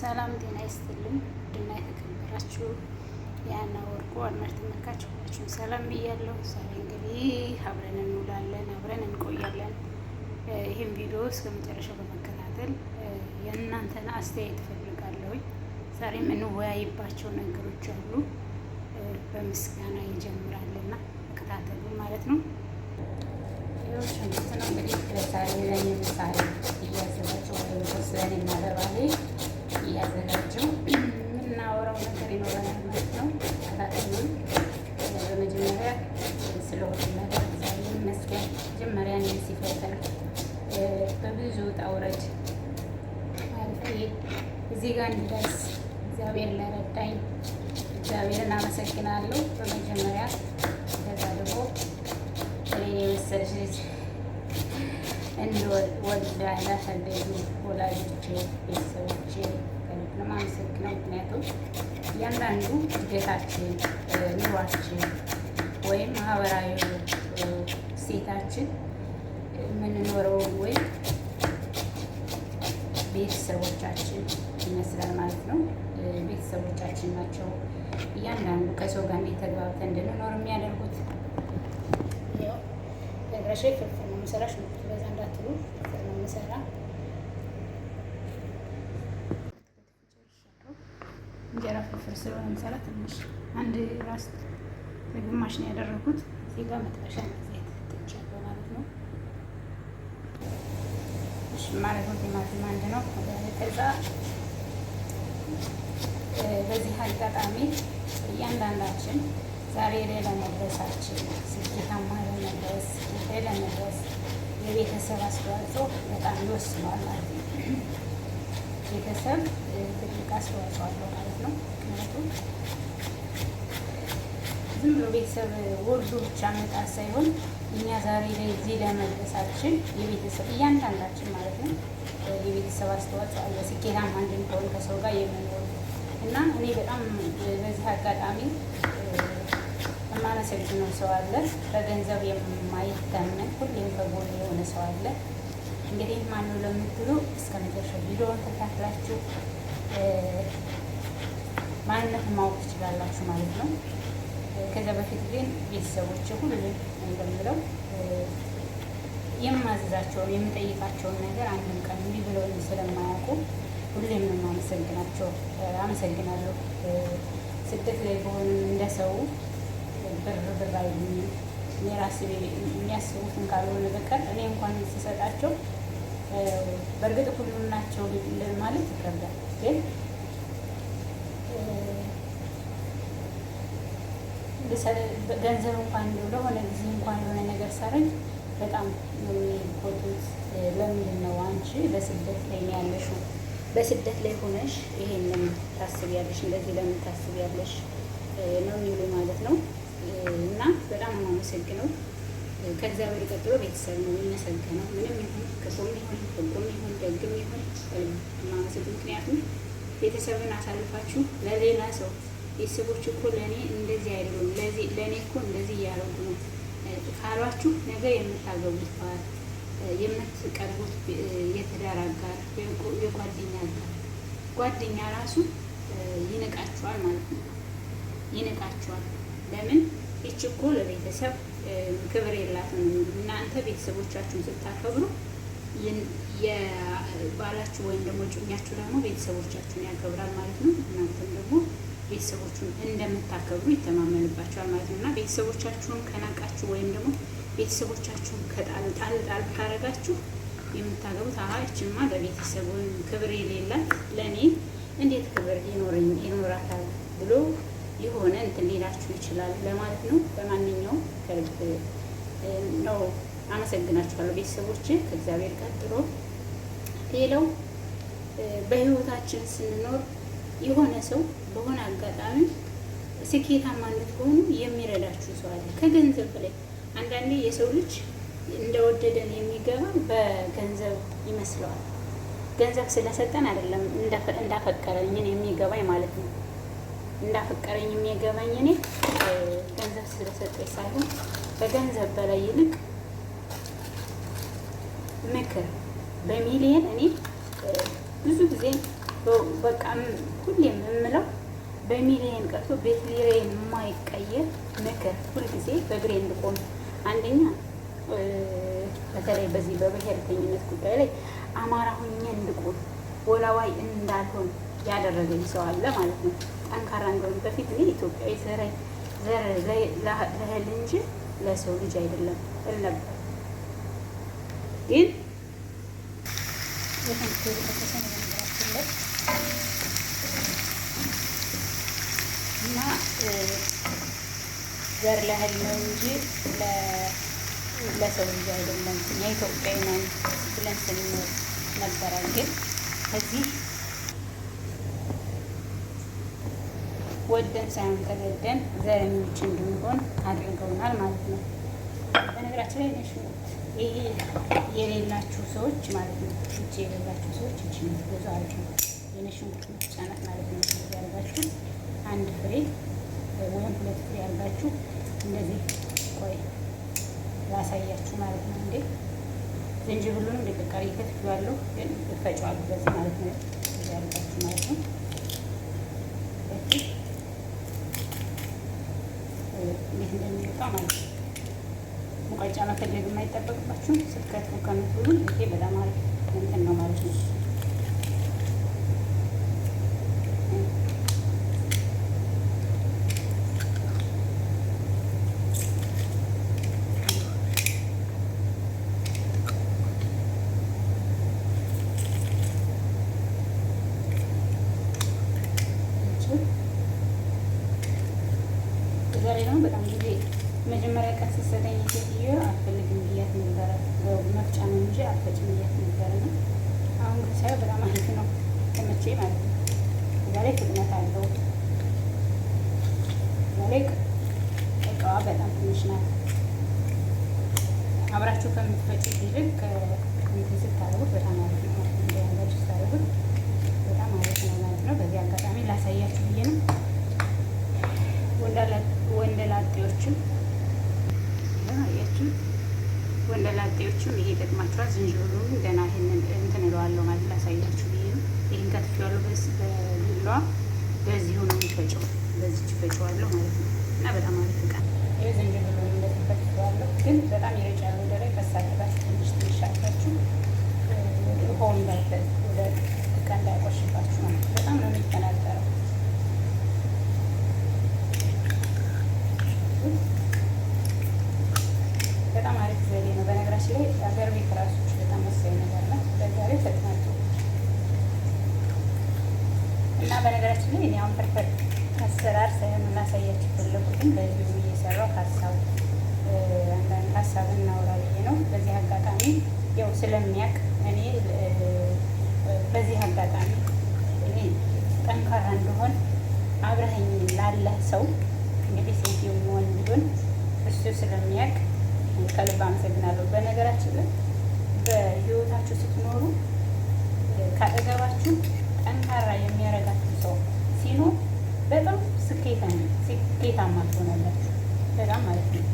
ሰላም ጤና ይስጥልኝ። ድና የተከበራችሁ የአና ወርቁ አድማጭ ተመልካች ሁላችሁም ሰላም ብያለሁ። ዛሬ እንግዲህ አብረን እንውላለን፣ አብረን እንቆያለን። ይህም ቪዲዮ እስከ መጨረሻው በመከታተል የእናንተን አስተያየት እፈልጋለሁኝ። ዛሬም እንወያይባቸው ነገሮች አሉ። በምስጋና ይጀምራልና መከታተሉ ማለት ነው። ሽንኩርት ነው እንግዲህ ለዛሬ ለኔ ምሳሌ እያዘጋጀሁ ወይም ስለኔ እና እያዘጋጀው የምናወራው ነገር ይኖረናል ማለት ነው። አላጠኙን በመጀመሪያ ስለሆነ ነገር እግዚአብሔር ይመስገን። መጀመሪያ እኔ ሲፈተን በብዙ ውጣ ውረድ ማለት እዚህ ጋር እንዲደርስ እግዚአብሔር ለረዳኝ እግዚአብሔርን አመሰግናለሁ። በመጀመሪያ ከዛ ደግሞ እኔ የመሰለች ልጅ እንወልድ ወልዳ ላሳደጉ ወላጆቼ ቤተሰቦቼ ለማመሰግነው። ምክንያቱም እያንዳንዱ ግዴታችን፣ ኑሯችን ወይም ማህበራዊ ሴታችን የምንኖረው ወይም ቤተሰቦቻችን ይመስላል ማለት ነው። ቤተሰቦቻችን ናቸው እያንዳንዱ ከሰው ጋር እንዴት ተግባብተን እንድንኖር የሚያደርጉት። ያው ፍልፍል ነው የምሰራ ሽንኩርት በዛ እንዳትሉ ፍልፍል ነው የምሰራ አራት ክፍል ስለሆነ የሚሰራ ትንሽ አንድ ራስ ግማሽ ነው ያደረኩት። እዚህ ጋር መጥበሻ ዘይት ጥጃለሁ ማለት ነው። እሺ ማለት ነው። ቲማቲም አንድ ነው። ከዛ በዚህ አጋጣሚ እያንዳንዳችን ዛሬ ላይ ለመድረሳችን ስኬታማ ለመድረስ ላይ ለመድረስ የቤተሰብ አስተዋጽኦ በጣም ይወስነዋል ማለት ነው። ቤተሰብ ትልቅ አስተዋጽኦ አለው ማለት ነው። ምክንያቱም ዝም ብሎ ቤተሰብ ወርዶ ብቻ መጣት ሳይሆን እኛ ዛሬ ላይ እዚህ ለመድረሳችን የቤተሰብ እያንዳንዳችን ማለት ነው የቤተሰብ አስተዋጽኦ አለ። ስኬታማ እንድንሆን ከሰው ጋር የምንሆን እና እኔ በጣም በዚህ አጋጣሚ የማመሰግነው ሰው አለ። በገንዘብ የማይታመን ሁሌም ከጎን የሆነ ሰው አለ። እንግዲህ ማን ነው ለምትሉ እስከ መጨረሻው ቪዲዮውን ተከታትላችሁ ማንነት ማወቅ ትችላላችሁ ማለት ነው። ከዚያ በፊት ግን ቤተሰቦች ሁሉ እንደምለው የማዘዛቸውን የምጠይቃቸውን ነገር አንድም ቀን እንዲህ ብለው ስለማያውቁ ሁሌም የማመሰግናቸው አመሰግናለሁ። ስደት ላይ በሆን እንደሰው ብር ብር አይሉኝም። የራስ የሚያስቡትን ካልሆነ በቀር እኔ እንኳን ስሰጣቸው በእርግጥ ሁሉም ናቸው ማለት ይከብዳል፣ ግን ገንዘብ እንኳን ለሆነ ጊዜ እንኳን የሆነ ነገር ሳረግ በጣም የሚጎቱት ለምንድን ነው? አንቺ በስደት ላይ ነው ያለሽው። በስደት ላይ ሆነሽ ይሄንን ታስቢያለሽ፣ እንደዚህ ለምን ታስቢያለሽ ነው የሚሉ ማለት ነው። እና በጣም የማመሰግነው ከእግዚአብሔር ቀጥሎ ቤተሰብ ነው የሚመሰገነው። ምንም ይሁን ክፉም ይሁን ሕጉም ይሁን ደግም ይሁን ማመስግ ምክንያቱም ቤተሰብን አሳልፋችሁ ለሌላ ሰው ቤተሰቦች እኮ ለእኔ እንደዚህ አይደሉም፣ ለእኔ እኮ እንደዚህ እያደረጉ ነው ካሏችሁ ነገ የምታገቡት ባል የምትቀርቡት የትዳር አጋር፣ የጓደኛ አጋር ጓደኛ ራሱ ይንቃችኋል ማለት ነው። ይንቃችኋል ለምን? እችኮ እኮ ለቤተሰብ ክብር የላትም። እናንተ ቤተሰቦቻችሁን ስታከብሩ የባላችሁ ወይም ደግሞ ጭኛችሁ ደግሞ ቤተሰቦቻችሁን ያከብራል ማለት ነው። እናንተም ደግሞ ቤተሰቦቹን እንደምታከብሩ ይተማመንባቸዋል ማለት ነው እና ቤተሰቦቻችሁን ከናቃችሁ ወይም ደግሞ ቤተሰቦቻችሁን ከጣል ጣል ጣል ካረጋችሁ የምታገቡት አሀ ይችማ ለቤተሰቡ ክብር የሌላት ለእኔ እንዴት ክብር ይኖራታል ብሎ የሆነ እንትን ሊላችሁ ይችላል ለማለት ነው። በማንኛውም ከልብ ነው አመሰግናችኋለሁ ቤተሰቦች ከእግዚአብሔር ቀጥሎ ሌላው በህይወታችን ስንኖር የሆነ ሰው በሆነ አጋጣሚ ስኬታማ እንድትሆኑ የሚረዳችሁ ሰው አለ። ከገንዘብ ላይ አንዳንዴ የሰው ልጅ እንደወደደን የሚገባ በገንዘብ ይመስለዋል። ገንዘብ ስለሰጠን አይደለም እንዳፈቀረኝን የሚገባኝ ማለት ነው። እንዳፈቀረኝ የሚገባኝ እኔ ገንዘብ ስለሰጠኝ ሳይሆን በገንዘብ በላይ ይልቅ ምክር በሚሊየን እኔ ብዙ ጊዜ በቃ ሁሌም የምለው በሚሊየን ቀርቶ በትሪሊየን የማይቀየር ምክር ሁልጊዜ በእግሬ እንድቆም አንደኛ በተለይ በዚህ በብሔርተኝነት ጉዳይ ላይ አማራ ሁኜ እንድቆም ወላዋይ እንዳልሆን ያደረገኝ ሰው አለ ማለት ነው። ጠንካራ እንደሆነ በፊት እኔ ኢትዮጵያዊ ዘር ለእህል እንጂ ለሰው ልጅ አይደለም እል ነበር። ግን እና ዘር ለእህል ነው እንጂ ለሰው ልጅ አይደለም። እኛ ኢትዮጵያዊ ነን ብለን ስንኖር ነበረ ግን ከዚህ ወደን ሳይሆን ተገደን ዘረኞች እንድንሆን አድርገውናል ማለት ነው። በነገራችን ላይ ነሽ ይሄ የሌላችሁ ሰዎች ማለት ነው። እቺ የሌላችሁ ሰዎች እቺ ብዙ አሪፍ ነው። የነሽንኩርት ብቻ ማለት ነው። ያርጋችሁ አንድ ፍሬ ወይም ሁለት ፍሬ ያርጋችሁ እንደዚህ ቆይ ላሳያችሁ ማለት ነው። እንዴ ዝንጅብሉንም እንደቀቀሪ ከትፍሏለሁ፣ ግን እፈጫዋለሁ በዚህ ማለት ነው። ያርጋችሁ ማለት ነው። እንደሚወጣ ማለት ነው። ሙቀጫ መፈለግ የማይጠበቅባችሁም ስትከትፉ ከምትሉ ይሄ በጣም አሪፍ እንትን ነው ማለት ነው። ዛሬ ነው በጣም መጀመሪያ ቀሰሰተኝ ሴትዮ አልፈልግም ብያት ነበረ። መፍጫ ነው እንጂ አልፈጭም ብያት ነበረ ነው። አሁን ግን ሳይሆን በጣም አሪፍ ነው፣ ተመቼ ማለት ነው። እዛ ላይ ፍጥነት አለው። እዛ ላይ እቃዋ በጣም ትንሽ ናት። አብራችሁ ከምትፈጭ ይልቅ እንትን ስታደርጉት በጣም አሪፍ ነው። እንዲያላችሁ ስታደርጉት በጣም አሪፍ ነው ማለት ነው። በዚህ አጋጣሚ ላሳያችሁ ብዬ ነው ለቀጣዮቹም ይሄ ይጠቅማቸዋል። ዝንጅብሉን ገና ይህንን እንትን እለዋለሁ ማለት ላሳያችሁ ብዬ ነው። ይህን ከትፌዋለሁ በቢላዋ በዚሁ ነው የሚፈጨው። በዚች ፈጨዋለሁ ማለት ነው እና በጣም አሪፍ ዕቃ ይህ ዝንጅብሉ እንደተፈጭዋለሁ፣ ግን በጣም ይረጫሉ። ወደ ላይ ፈሳግባል ትንሽ ትንሻላችሁ ሆን ባይፈ ወደ ዕቃ እንዳይቆሽባችሁ ማለት በጣም ነው የሚተናጠረው በነገራችን ላይ ሀገር ቤት ራሶች በጣም ወሳኝ ነገር ናት። በዛሬ ፈጥናት እና በነገራችን ላይ እኔ አሁን ፍርፍር አሰራር ሳይሆን እናሳያችሁ ፈለጉትም በዚሁ እየሰራው ሀሳብ አንዳንድ ሀሳብ እናውራ ብዬ ነው። በዚህ አጋጣሚ ያው ስለሚያውቅ እኔ በዚህ አጋጣሚ እኔ ጠንካራ እንደሆን አብረኸኝ ላለህ ሰው እንግዲህ ሴት የሚሆን ቢሆን እሱ ስለሚያውቅ ከልብ አመሰግናለሁ። በነገራችን ላይ በህይወታችሁ ስትኖሩ ከአጠገባችሁ ጠንካራ የሚያረጋችሁ ሰው ሲኖር በጣም ስኬታማ ትሆናላችሁ። በጣም ማለት ነው።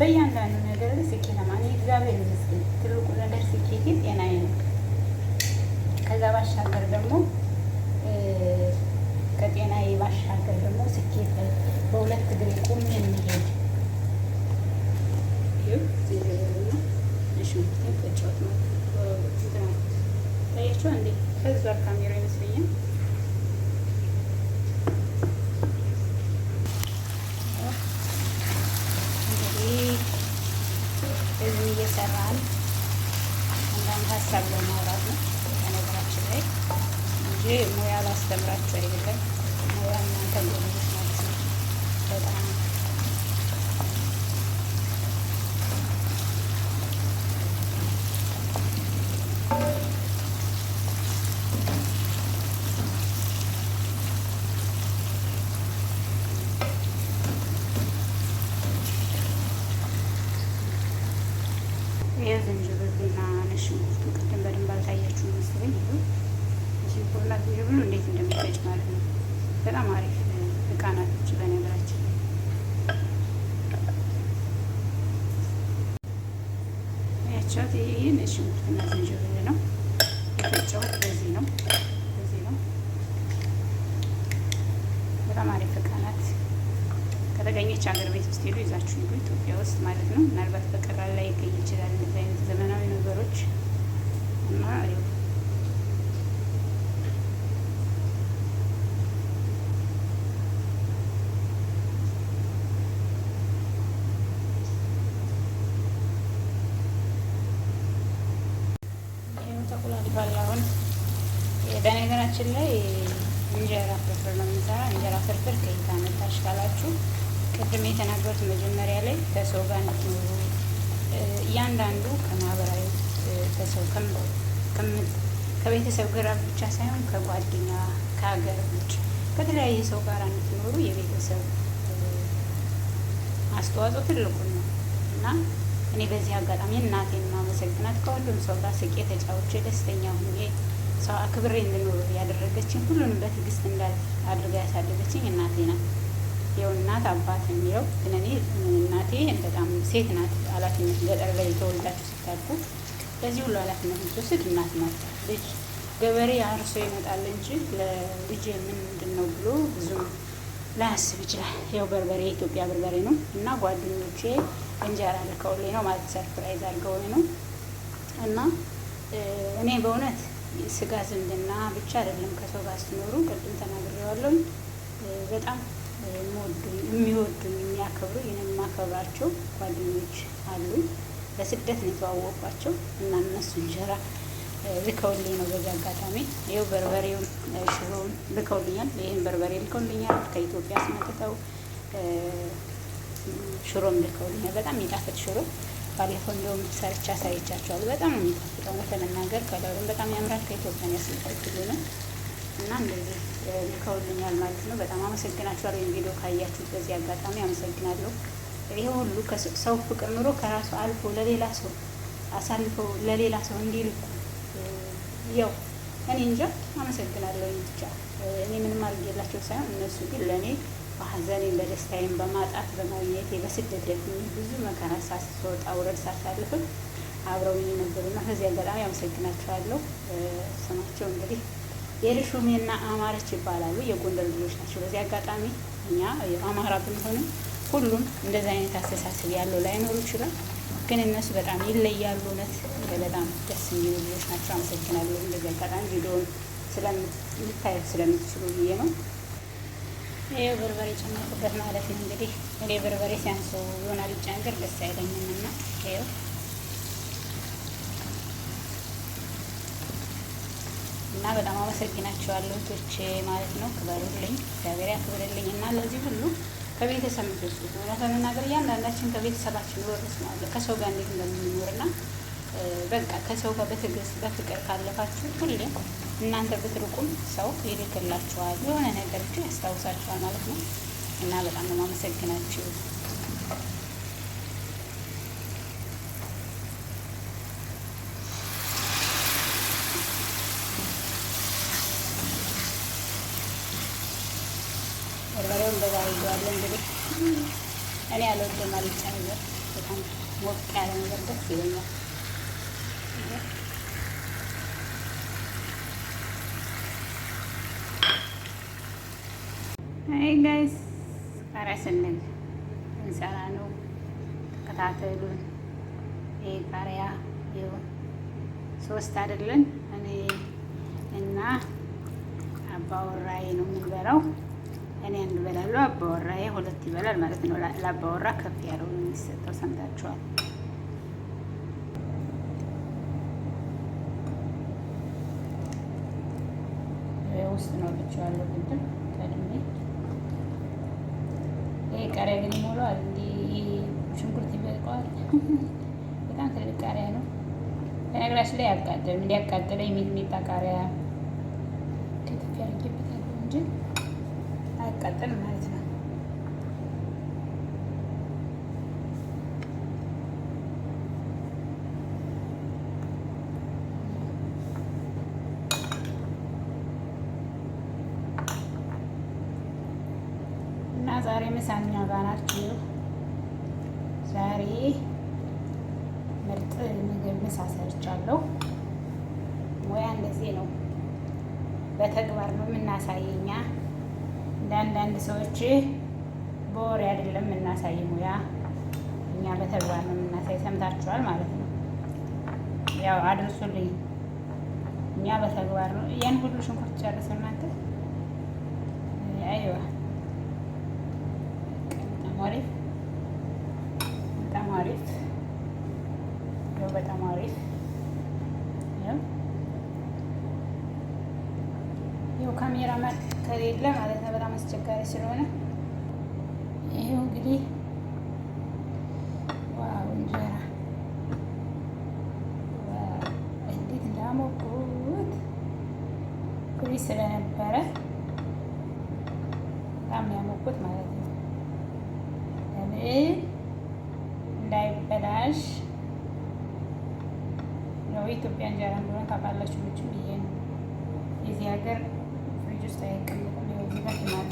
በእያንዳንዱ ነገር ላይ ስኬታማ እኔ እግዚአብሔር ይመስገን ትልቁ ነገር ስኬቴ ጤናዬ ነው። ከዛ ባሻገር ደግሞ ከጤናዬ ባሻገር ደግሞ ስኬት በሁለት እግሬ ቁሜ የሚሄድ ይኸው ዝንጅብልና ሽንኩርት ፈጫሁት ነው። ታያችኋል እንዴ? ከዛ ካሜራ ይመስለኛል። እየሰራን አንዳንድ ሀሳብ ለማውራት ነው። ላይ እንጂ ሙያ ላስተምራችሁ አይደለም። ሙያ እናንተ ማለት ነው በጣም የፈጨሁት ይሄ ነጭ ሽንኩርትና ዝንጅብል ነው የፈጨሁት። በዚህ ነው በዚህ ነው። በጣም አሪፍ ዕቃ ናት። ከተገኘች ሀገር ቤት ውስጥ ሄዱ ይዛችሁ ሂዱ፣ ኢትዮጵያ ውስጥ ማለት ነው። ምናልባት በቀላል ላይ ይገኝ ይችላል እንደዚህ አይነት ዘመናዊ ነገሮች እና ያው ቅድም የተናገሩት መጀመሪያ ላይ ከሰው ጋር እንድትኖሩ እያንዳንዱ ከማህበራዊ ከሰው ከቤተሰብ ጋር ብቻ ሳይሆን ከጓደኛ ከሀገር ውጭ ከተለያየ ሰው ጋር እንድትኖሩ የቤተሰብ አስተዋጽኦ ትልቁ ነው እና እኔ በዚህ አጋጣሚ እናቴን ማመሰግናት ከሁሉም ሰው ጋር ስቄ ተጫውቼ ደስተኛ ሁኜ ሰው አክብሬ እንድኖር ያደረገችኝ ሁሉንም በትዕግስት እንዳድርጋ ያሳደገችኝ እናቴ ናት። ይኸው እናት አባት የሚለው ግን እኔ እናቴ በጣም ሴት ናት። ኃላፊነት ገጠር ላይ ተወልዳችሁ ስታድጉ ለዚህ ሁሉ ኃላፊነት ምትወስድ እናት ናት። ልጅ ገበሬ አርሶ ይመጣል እንጂ ለልጅ ምንድን ነው ብሎ ብዙም ላያስብ ይችላል። ያው በርበሬ የኢትዮጵያ በርበሬ ነው እና ጓደኞቼ እንጀራ ልከውልኝ ነው ማለት ሰርፕራይዝ አድርገውልኝ ነው እና እኔ በእውነት ስጋ ዝምድና ብቻ አይደለም ከሰው ጋር ስትኖሩ ቅድም ተናግሬዋለሁ በጣም የሚወዱኝ የሚያከብሩ ይህን የማከብራቸው ጓደኞች አሉኝ። በስደት ነው የተዋወቋቸው እና እነሱ እንጀራ ልከውልኝ ነው። በዚህ አጋጣሚ ይኸው በርበሬውን ሽሮውን ልከውልኛል። ይህን በርበሬ ልከውልኛል። ከኢትዮጵያ አስመጥተው ሽሮም ልከውልኛል። በጣም የሚጣፍጥ ሽሮ ባለፈው እንደውም ሰርቻ ሳይቻቸዋል። በጣም የሚጣፍጠው ለመናገር ከለሩም በጣም ያምራል። ከኢትዮጵያ ያስመጣችሉ ነው እና እንደዚህ ልከውልኛል ማለት ነው። በጣም አመሰግናችኋለሁ። ወይም ቪዲዮ ካያችሁ በዚህ አጋጣሚ አመሰግናለሁ። ይሄ ሁሉ ሰው ፍቅር ኑሮ ከራሱ አልፎ ለሌላ ሰው አሳልፈው ለሌላ ሰው እንዲልኩ ያው እኔ እንጃ አመሰግናለሁ። ብቻ እኔ ምንም አድርጌላቸው ሳይሆን እነሱ ግን ለእኔ በሐዘኔን በደስታዬን በማጣት በማግኘቴ በስደት ደግሞ ብዙ መከራ ሳስወጣ ውረድ ሳሳልፍም አብረው የነበሩና ከዚህ አጋጣሚ አመሰግናቸዋለሁ። ስማቸው እንግዲህ ኤልሹሜና አማረች ይባላሉ። የጎንደር ልጆች ናቸው። በዚህ አጋጣሚ እኛ አማራ ብንሆንም ሁሉም እንደዚህ አይነት አስተሳሰብ ያለው ላይኖሩ ይችላል። ግን እነሱ በጣም ይለያሉ። እውነት በጣም ደስ የሚሉ ልጆች ናቸው። አመሰግናለሁ። እንደዚህ አጋጣሚ ቪዲዮን ልታዩት ስለምትችሉ ብዬ ነው። ይህ በርበሬ ጨመርኩበት ማለት ነው። እንግዲህ እኔ በርበሬ ሲያንሶ የሆነ ልጫ ነገር ደስ አይለኝም እና እና በጣም አመሰግናቸዋለሁ ቶቼ ማለት ነው። ክበሩልኝ፣ እግዚአብሔር ያክብርልኝ እና ለዚህ ሁሉ ከቤተሰብ ምክር ስጥ እውነት ለመናገር እያንዳንዳችን ከቤተሰባችን ወርስ ማለት ከሰው ጋር እንዴት እንደምንኖር እንደምንኖርና በቃ ከሰው ጋር በትዕግስት በፍቅር ካለፋችሁ ሁሌም እናንተ ብትርቁም ሰው ይልክላችኋል፣ የሆነ ነገር ያስታውሳችኋል ማለት ነው እና በጣም ነው የማመሰግናችሁ። ሞቅ ያለ ነገር ደስ ይለኛል። አይ ጋይስ ኧረ ስንል እንሰራ ነው። ተከታተሉን። ይሄ ቃሪያ ሶስት አይደለን እኔ እና አባወራዬ ነው የምንበላው። እኔ አንድ እበላለሁ፣ አባወራዬ ሁለት ይበላል ማለት ነው። ለአባወራ ከፍ ያለው የሚሰጠው ሰምታችኋል። ውስጥ ነው ብቻዋለሁ ግድም ቀድሜ ይሄ ቃሪያ ግን ይሞላዋል። እንዲህ ሽንኩርት ይበልቀዋል። በጣም ትልቅ ቃሪያ ነው። በነገራችን ላይ ያቃጥል እንዲያቃጥለ የሚጥሚጣ ቃሪያ ከኢትዮጵያ ስለሚያቃጥል ማለት ነው። ሰዎች በወሬ አይደለም የምናሳይ ሙያ እኛ በተግባር ነው የምናሳይ። ሰምታችኋል ማለት ነው። ያው አድርሱልኝ። እኛ በተግባር ነው ያን ሁሉ ሽንኩርት ጨርስ እናንተ አይዋ በጣም አሪፍ ያው በጣም ያው ካሜራ ከሌለ ማለት አስቸጋሪ ስለሆነ ይሄው እንግዲህ ዋው እንጀራ እንዴት እንዳሞቁት ፍሪ ስለነበረ በጣም ያሞቁት ማለት ነው። ለምን እንዳይበላሽ ነው። ኢትዮጵያ እንጀራ እንደሆነ ታውቃላችሁ። ምችም ይሄ ነው የዚህ ሀገር ፍሪጅ ውስጥ አይቀመጥም። እዚህ ጋር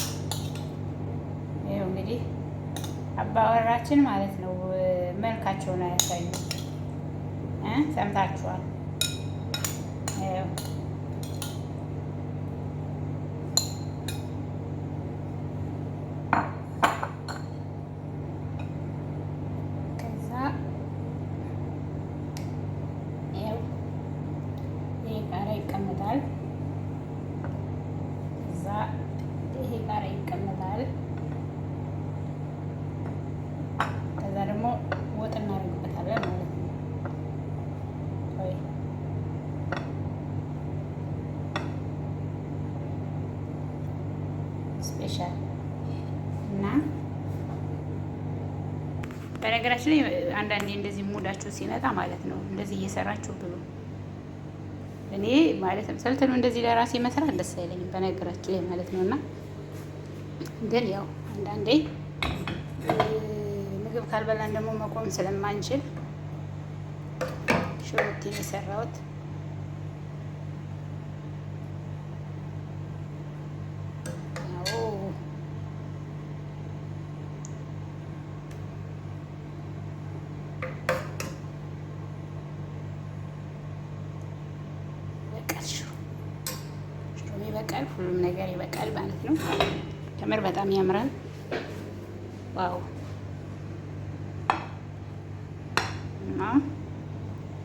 ቲማቲም ይኸው እንግዲህ አባወራችን ማለት ነው መልካቸውን አያሳዩም። ሰምታችኋል። በነገራችን ላይ አንዳንዴ እንደዚህ ሙዳችሁ ሲመጣ ማለት ነው እንደዚህ እየሰራችሁ ብሎ እኔ ማለት ነው ሰልተኑ እንደዚህ ለራሴ መስራት ደስ አይለኝም በነገራችን ላይ ማለት ነው። እና ግን ያው አንዳንዴ ምግብ ካልበላን ደግሞ መቆም ስለማንችል ሽሮቴን የሰራሁት ሁሉም ነገር ይበቃል ማለት ነው። ተምር በጣም ያምራል። ዋው እና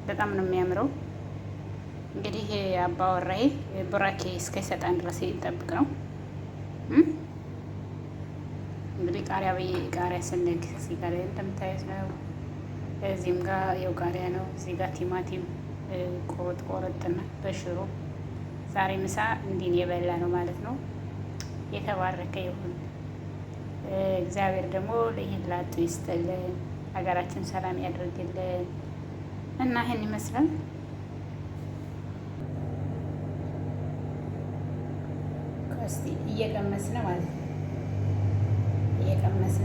በጣም ነው የሚያምረው። እንግዲህ አባወራዬ ቡራኬ እስከሰጠን ድረስ ይጠብቅ ነው። እንግዲህ ቃሪያ በየ ቃሪያ ስንግ እዚህ ጋር እንደምታዩት ነው። እዚህም ጋር የው ቃሪያ ነው። እዚህ ጋር ቲማቲም ቆረጥ ቆረጥና በሽሮ ዛሬ ምሳ እንዲን የበላ ነው ማለት ነው። የተባረከ ይሁን። እግዚአብሔር ደግሞ ለይህን ላጡ ይስጥልን፣ ሀገራችን ሰላም ያደርግልን እና ይህን ይመስላል። እየቀመስነ ማለት ነው እየቀመስነ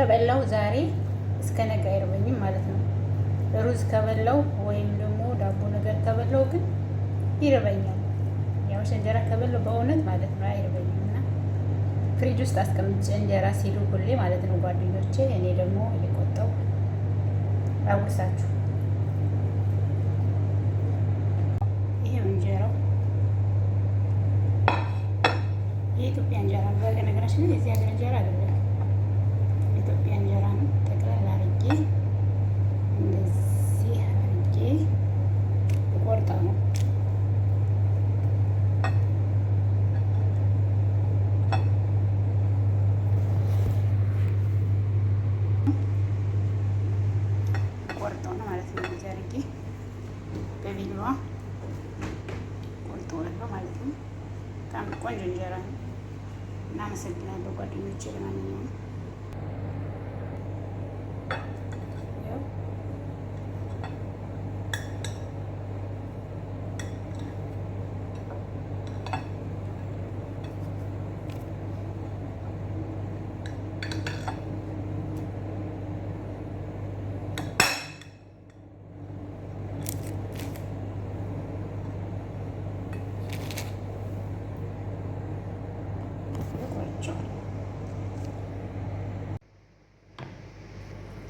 ከበላው ዛሬ እስከ ነገ አይርበኝም ማለት ነው። ሩዝ ከበላው ወይም ደግሞ ዳቦ ነገር ከበላው ግን ይርበኛል። ያው እንጀራ ከበላው በእውነት ማለት ነው አይርበኝም። እና ፍሪጅ ውስጥ አስቀምጬ እንጀራ ሲሉ ሁሌ ማለት ነው ጓደኞቼ፣ እኔ ደግሞ እየቆጠው አጉርሳችሁ። የኢትዮጵያ እንጀራ በነገራችን ላይ የዚህ ሀገር እንጀራ በቢላዋ ቆርጠዋለሁ ማለት ነው። በጣም ቆንጆ እንጀራ ነው። እናመሰግናለሁ ጓደኞቼ። ለማንኛውም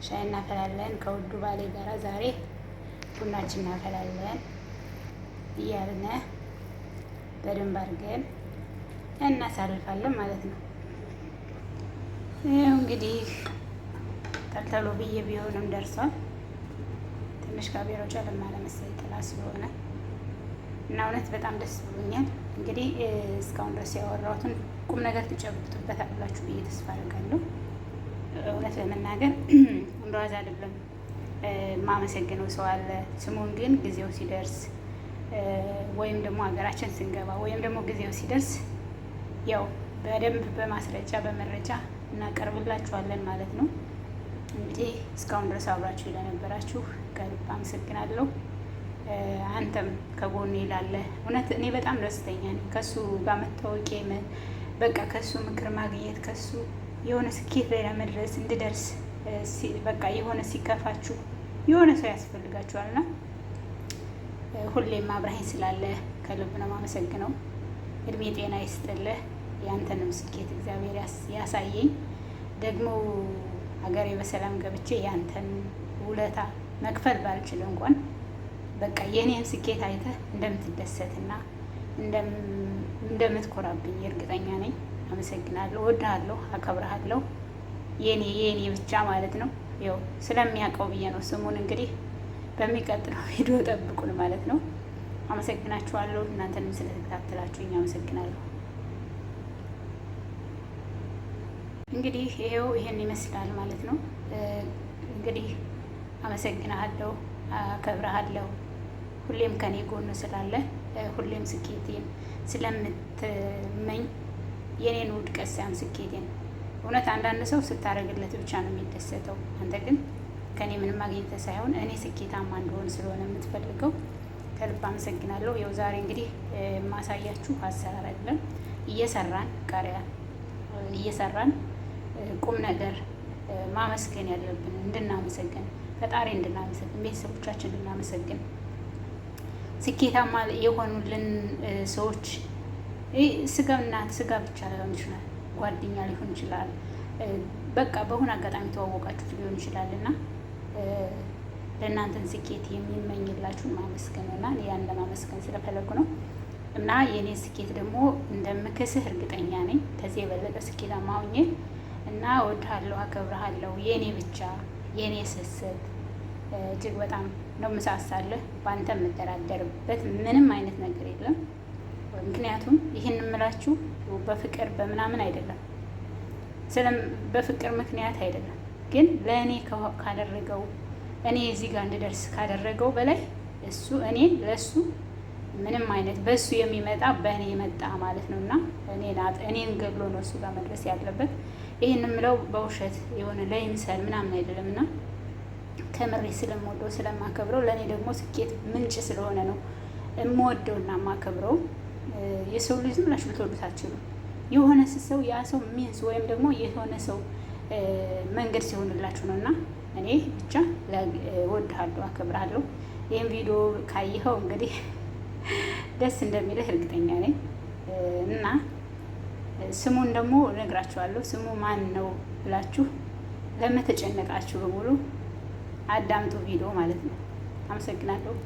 ሻይ እናፈላለን ከውዱ ባሌ ጋራ ዛሬ ቡናችን እናፈላለን እያልነ በደንብ አድርገን እናሳልፋለን ማለት ነው። ይኸው እንግዲህ ተልተሎ ብዬ ቢሆንም ደርሷል። ትንሽ ካቤሮ ጨለማ ለመሰለኝ ጥላ ስለሆነ እና እውነት በጣም ደስ ብሎኛል። እንግዲህ እስካሁን ድረስ ያወራሁትን ቁም ነገር ትጨብጡበታላችሁ ብዬ ተስፋ አደርጋለሁ። እውነት ለመናገር እንደዋዛ አይደለም። ማመሰግነው ሰው አለ። ስሙን ግን ጊዜው ሲደርስ ወይም ደግሞ ሀገራችን ስንገባ ወይም ደግሞ ጊዜው ሲደርስ ያው በደንብ በማስረጃ በመረጃ እናቀርብላችኋለን ማለት ነው። እንግዲህ እስካሁን ድረስ አብራችሁ ለነበራችሁ ከልብ አመሰግናለሁ። አንተም ከጎኔ ላለ እውነት እኔ በጣም ደስተኛ ነኝ። ከሱ ጋር መታወቂ በቃ ከሱ ምክር ማግኘት ከሱ የሆነ ስኬት ላይ ለመድረስ እንድደርስ በቃ የሆነ ሲከፋችሁ የሆነ ሰው ያስፈልጋችኋልና ሁሌም አብረኸኝ ስላለ ከልብ ነው የማመሰግነው። እድሜ ጤና ይስጥልህ። ያንተንም ስኬት እግዚአብሔር ያሳየኝ። ደግሞ ሀገሬ በሰላም ገብቼ ያንተን ውለታ መክፈል ባልችል እንኳን በቃ የእኔን ስኬት አይተህ እንደምትደሰትና እንደምትኮራብኝ እርግጠኛ ነኝ። አመሰግናለሁ። እወድሃለሁ፣ አከብረሃለሁ። የኔ የኔ ብቻ ማለት ነው። ያው ስለሚያውቀው ብዬ ነው ስሙን። እንግዲህ በሚቀጥለው ቪዲዮ ጠብቁን ማለት ነው። አመሰግናችኋለሁ። እናንተንም ስለተከታተላችሁ እኛ አመሰግናለሁ። እንግዲህ ይሄው ይሄን ይመስላል ማለት ነው። እንግዲህ አመሰግናለሁ፣ አከብረሃለሁ ሁሌም ከኔ ጎን ስላለ ሁሌም ስኬቴን ስለምትመኝ የኔን ውድቀት ሳይሆን ስኬቴን እውነት አንዳንድ ሰው ስታደርግለት ብቻ ነው የሚደሰተው። አንተ ግን ከኔ ምንም አግኝተ ሳይሆን እኔ ስኬታማ እንደሆን ስለሆነ የምትፈልገው ከልብ አመሰግናለሁ። የው ዛሬ እንግዲህ ማሳያችሁ አሰራር አይደለም እየሰራን ቀሪያ እየሰራን ቁም ነገር ማመስገን ያለብን እንድናመሰግን ፈጣሪ እንድናመሰግን ቤተሰቦቻችን እንድናመሰግን ስኬታማ የሆኑልን ሰዎች ስጋ እናት ስጋ ብቻ ላይሆን ይችላል ጓደኛ ሊሆን ይችላል፣ በቃ በሆነ አጋጣሚ ተዋወቃችሁት ሊሆን ይችላል እና ለእናንተን ስኬት የሚመኝላችሁን ማመስገን እና ያን ለማመስገን ስለፈለጉ ነው። እና የእኔ ስኬት ደግሞ እንደምክስህ እርግጠኛ ነኝ። ከዚህ የበለጠ ስኬታማ ሆኜ እና እወድሃለሁ፣ አከብርሃለሁ፣ የእኔ ብቻ የእኔ ስስት እጅግ በጣም ነው ምሳሳለህ። በአንተ የምደራደርበት ምንም አይነት ነገር የለም። ምክንያቱም ይህን የምላችሁ በፍቅር በምናምን አይደለም፣ በፍቅር ምክንያት አይደለም። ግን ለእኔ ካደረገው እኔ እዚህ ጋር እንድደርስ ካደረገው በላይ እሱ እኔ ለእሱ ምንም አይነት በእሱ የሚመጣ በእኔ መጣ ማለት ነው እና እኔን ገድሎ ነው እሱ ጋር መድረስ ያለበት። ይህን የምለው በውሸት የሆነ ለይምሰል ምናምን አይደለም እና ከምሬ ስለምወደው ስለማከብረው ለእኔ ደግሞ ስኬት ምንጭ ስለሆነ ነው የምወደውና የማከብረው። የሰው ልጅ ዝም ብላችሁ ልትወዱት አትችሉም። የሆነ ሰው ያ ሰው ሚንስ ወይም ደግሞ የሆነ ሰው መንገድ ሲሆንላችሁ ነው። እና እኔ ብቻ እወድሃለሁ፣ አከብርሃለሁ። ይህም ቪዲዮ ካየኸው እንግዲህ ደስ እንደሚልህ እርግጠኛ ነኝ እና ስሙን ደግሞ እነግራችኋለሁ። ስሙ ማን ነው ብላችሁ ለመተጨነቃችሁ በሙሉ አዳምጡ፣ ቪዲዮ ማለት ነው። አመሰግናለሁ።